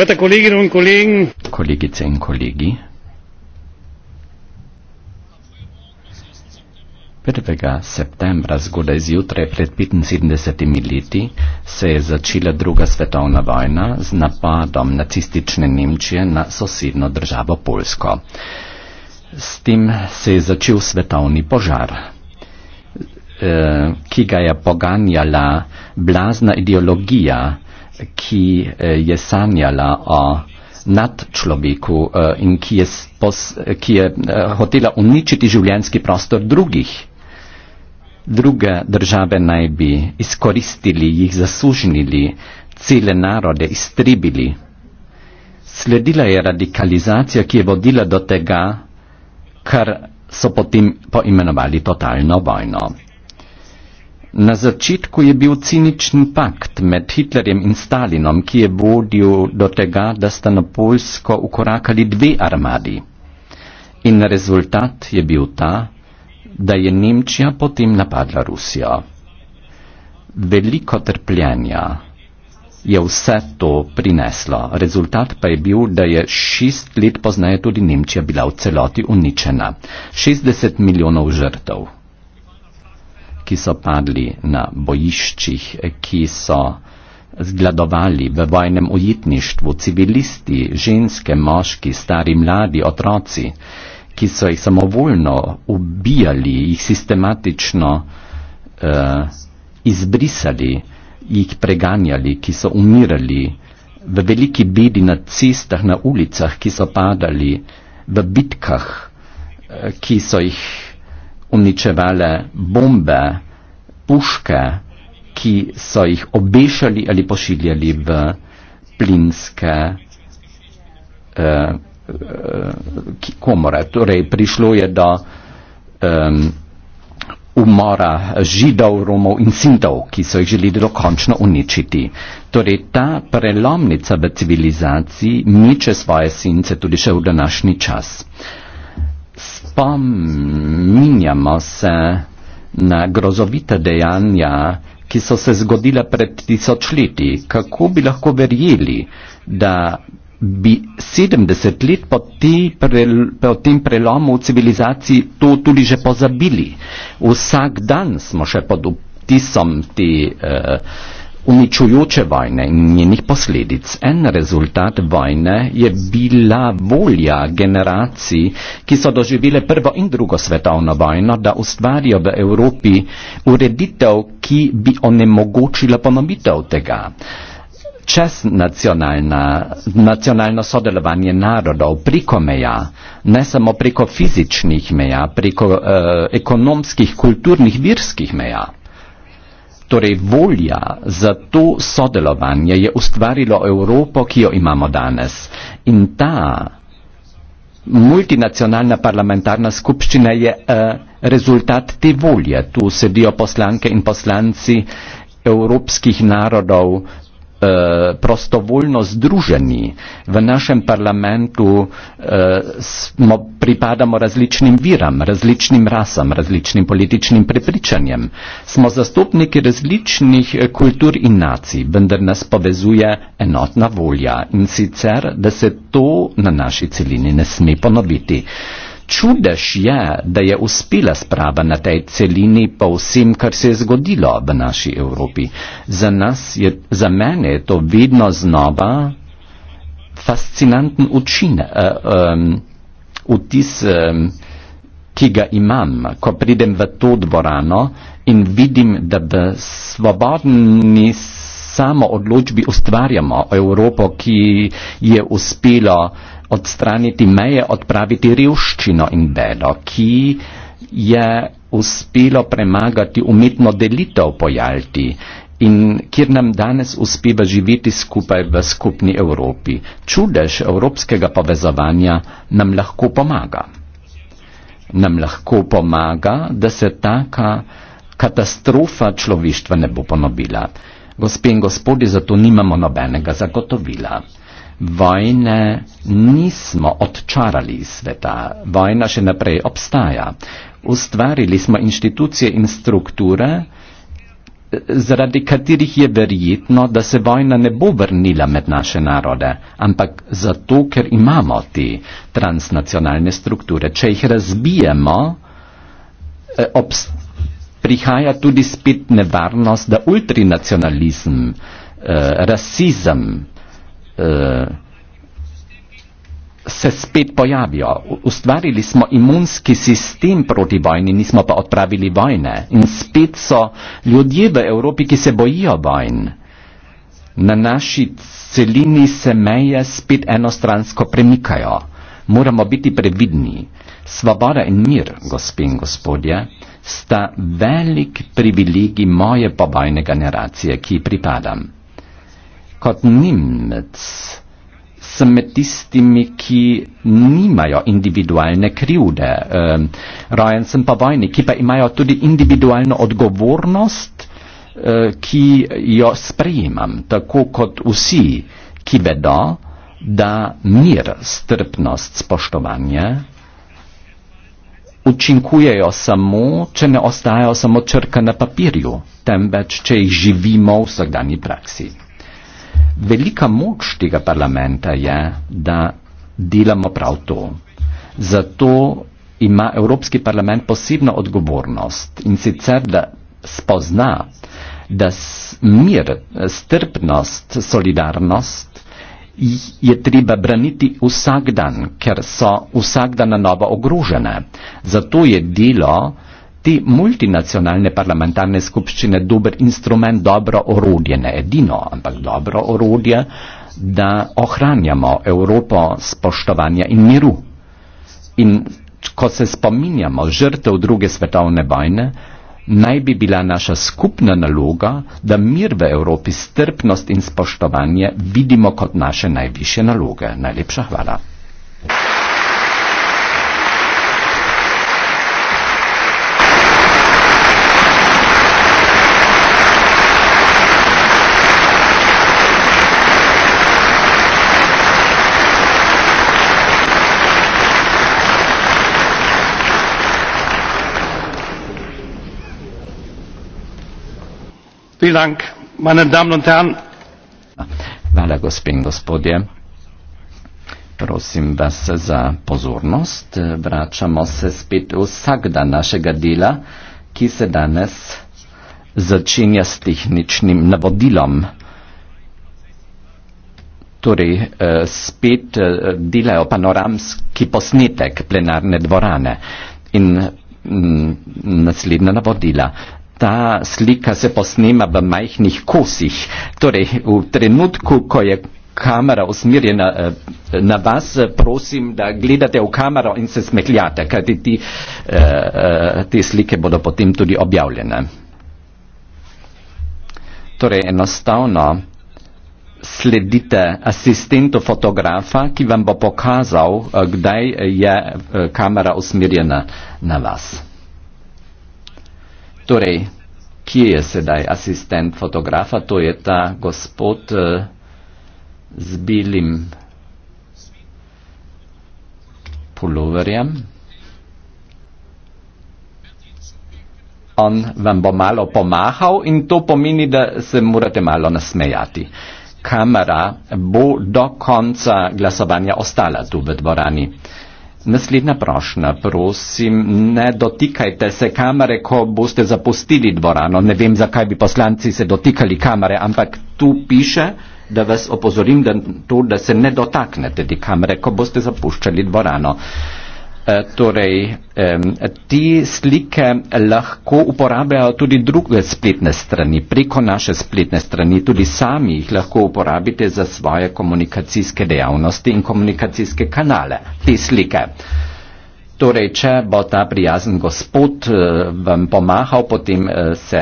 Verehrte Kolleginnen und Kollegen, Kolleginnen und Kollegen, Prvega septembra zgodaj zjutraj pred 75 leti se je začela druga svetovna vojna z napadom nacistične Nemčije na sosedno državo Polsko. S tem se je začel svetovni požar, eh, ki ga je poganjala blazna ideologija ki eh, je sanjala o nadčloveku eh, in ki je, pos, ki je eh, hotela uničiti življenjski prostor drugih. Druge države naj bi izkoristili, jih zasužnili, cele narode iztribili. Sledila je radikalizacija, ki je vodila do tega, kar so potem poimenovali totalno vojno. Na začetku je bil ciničen pakt med Hitlerjem in Stalinom, ki je vodil do tega, da sta na Poljsko ukorakali dve armadi. In rezultat je bil ta, da je Nemčija potem napadla Rusijo. Veliko trpljenja je vse to prineslo. Rezultat pa je bil, da je šest let pozneje tudi Nemčija bila v celoti uničena. 60 milijonov žrtev ki so padli na bojiščih, ki so zgladovali v vojnem ujetništvu, civilisti, ženske, moški, stari, mladi, otroci, ki so jih samovoljno ubijali, jih sistematično uh, izbrisali, jih preganjali, ki so umirali v veliki bedi na cestah, na ulicah, ki so padali v bitkah, eh, ki so jih uničevale bombe, puške, ki so jih obešali ali pošiljali v plinske eh, eh komore. Torej, prišlo je do eh, umora židov, romov in sintov, ki so jih želeli dokončno uničiti. Torej, ta prelomnica v civilizaciji miče svoje since tudi še v današnji čas. Eh, spominjamo se na grozovite dejanja, ki so se zgodile pred tisočletji, kako bi lahko verjeli, da bi 70 let po, prel, po tem prelomu v civilizaciji to tudi že pozabili. Vsak dan smo še pod vtisom te uh, uničujoče vojne in njenih posledic. En rezultat vojne je bila volja generacij, ki so doživele prvo in drugo svetovno vojno, da ustvarijo v Evropi ureditev, ki bi onemogočila ponovitev tega. Čez nacionalno sodelovanje narodov preko meja, ne samo preko fizičnih meja, preko eh, ekonomskih, kulturnih, virskih meja. Torej volja za to sodelovanje je ustvarilo Evropo, ki jo imamo danes. In ta multinacionalna parlamentarna skupščina je eh, rezultat te volje. Tu sedijo poslanke in poslanci evropskih narodov, Eh, prostovoljno združeni v našem parlamentu eh, smo, pripadamo različnim viram, različnim rasam, različnim političnim prepričanjem. Smo zastopniki različnih eh, kultur in nacij, vendar nas povezuje enotna volja in sicer, da se to na naši celini ne sme ponoviti čudež je, da je uspela sprava na tej celini po vsem, kar se je zgodilo v naši Evropi. Za nas je, za mene je to vedno znova fascinanten učine, uh, eh, um, utis, um, ki ga imam, ko pridem v to dvorano in vidim, da v svobodni samo odločbi ustvarjamo Evropo, ki je uspelo odstraniti meje, odpraviti revščino in bedo, ki je uspelo premagati umetno delitev po Jalti in kjer nam danes uspeva živeti skupaj v skupni Evropi. Čudež evropskega povezovanja nam lahko pomaga. Nam lahko pomaga, da se taka katastrofa človeštva ne bo ponovila. Gospe in gospodje, zato nimamo nobenega zagotovila. Vojne nismo odčarali iz sveta, vojna še naprej obstaja. Ustvarili smo inštitucije in strukture, zaradi katerih je verjetno, da se vojna ne bo vrnila med naše narode, ampak zato, ker imamo te transnacionalne strukture. Če jih razbijemo, eh, obstajajo prihaja tudi spet nevarnost, da ultrinacionalizem, eh, rasizem eh, se spet pojavijo. Ustvarili smo imunski sistem proti vojni, nismo pa odpravili vojne. In spet so ljudje v Evropi, ki se bojijo vojn. Na naši celini se meje spet enostransko premikajo moramo biti previdni. Svoboda in mir, gospe in gospodje, sta velik privilegij moje pobojne generacije, ki ji pripadam. Kot Nimec sem med tistimi, ki nimajo individualne krivde. Ehm, rojen sem po vojni, ki pa imajo tudi individualno odgovornost, eh, ki jo sprejemam, tako kot vsi, ki vedo, da mir, strpnost, spoštovanje učinkujejo samo, če ne ostajajo samo črka na papirju, temveč, če jih živimo v vsakdani praksi. Velika moč tega parlamenta je, da delamo prav to. Zato ima Evropski parlament posebno odgovornost in sicer, da spozna, da mir, strpnost, solidarnost je treba braniti vsak dan, ker so vsak dan na novo ogrožene. Zato je delo te multinacionalne parlamentarne skupščine dober instrument, dobro orodje, ne edino, ampak dobro orodje, da ohranjamo Evropo spoštovanja in miru. In ko se spominjamo žrtev druge svetovne vojne, naj bi bila naša skupna naloga, da mir v Evropi, strpnost in spoštovanje vidimo kot naše najviše naloge. Najlepša hvala. Vielen Dank, meine Damen und Herren. Hvala, gospe in gospodje. Prosim vas za pozornost. Vračamo se spet v vsak dan našega dela, ki se danes začenja s tehničnim navodilom. Torej, eh, spet eh, delajo panoramski posnetek plenarne dvorane in mm, naslednja navodila ta slika se posnema v majhnih kosih. Torej, v trenutku, ko je kamera usmirjena eh, na vas, eh, prosim, da gledate v kamero in se smehljate, kajti ti, eh, te slike bodo potem tudi objavljene. Torej, enostavno sledite asistentu fotografa, ki vam bo pokazal, kdaj je kamera usmirjena na vas. Torej, kje je sedaj asistent fotografa? To je ta gospod uh, z belim puloverjem. On vam bo malo pomahal in to pomeni, da se morate malo nasmejati. Kamera bo do konca glasovanja ostala tu v dvorani. Uh, Naslednja prošnja, prosim, ne dotikajte se kamere, ko boste zapustili dvorano. Ne vem, zakaj bi poslanci se dotikali kamere, ampak tu piše, da vas opozorim, da, to, da se ne dotaknete te kamere, ko boste zapuščali dvorano. Eh, torej te slike lahko uporabljajo tudi druge spletne strani, preko naše spletne strani, tudi sami jih lahko uporabite za svoje komunikacijske dejavnosti in komunikacijske kanale, te slike. Torej, če bo ta prijazen gospod eh, vam pomahal, potem eh, se